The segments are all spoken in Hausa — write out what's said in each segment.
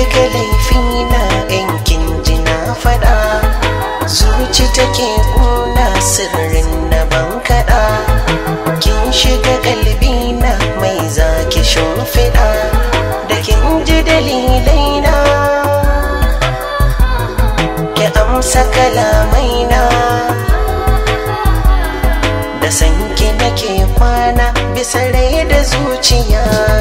daga laifina yankin jina fada zuci take kuna sirrin na ban kada kin shiga kalbina mai zaki shimfiɗa da kin ji dalilaina ki amsa kalamaina da sanki nake kwana bisa rai da zuciya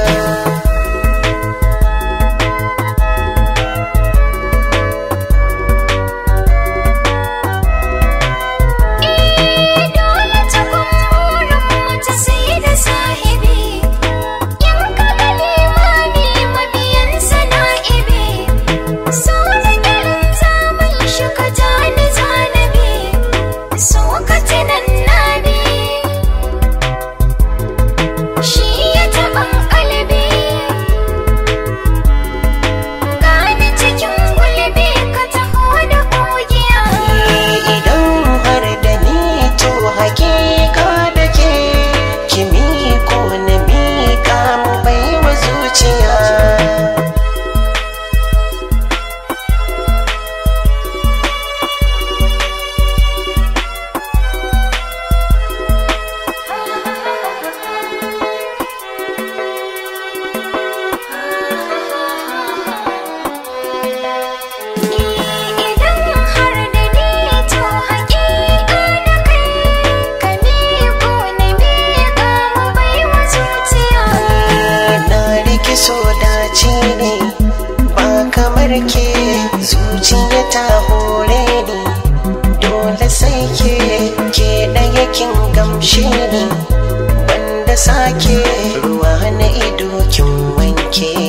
ke zuciya ta hore ni dole sai ke ke ɗaya kin gamshe ni wanda sake ruwa na ido kin wanke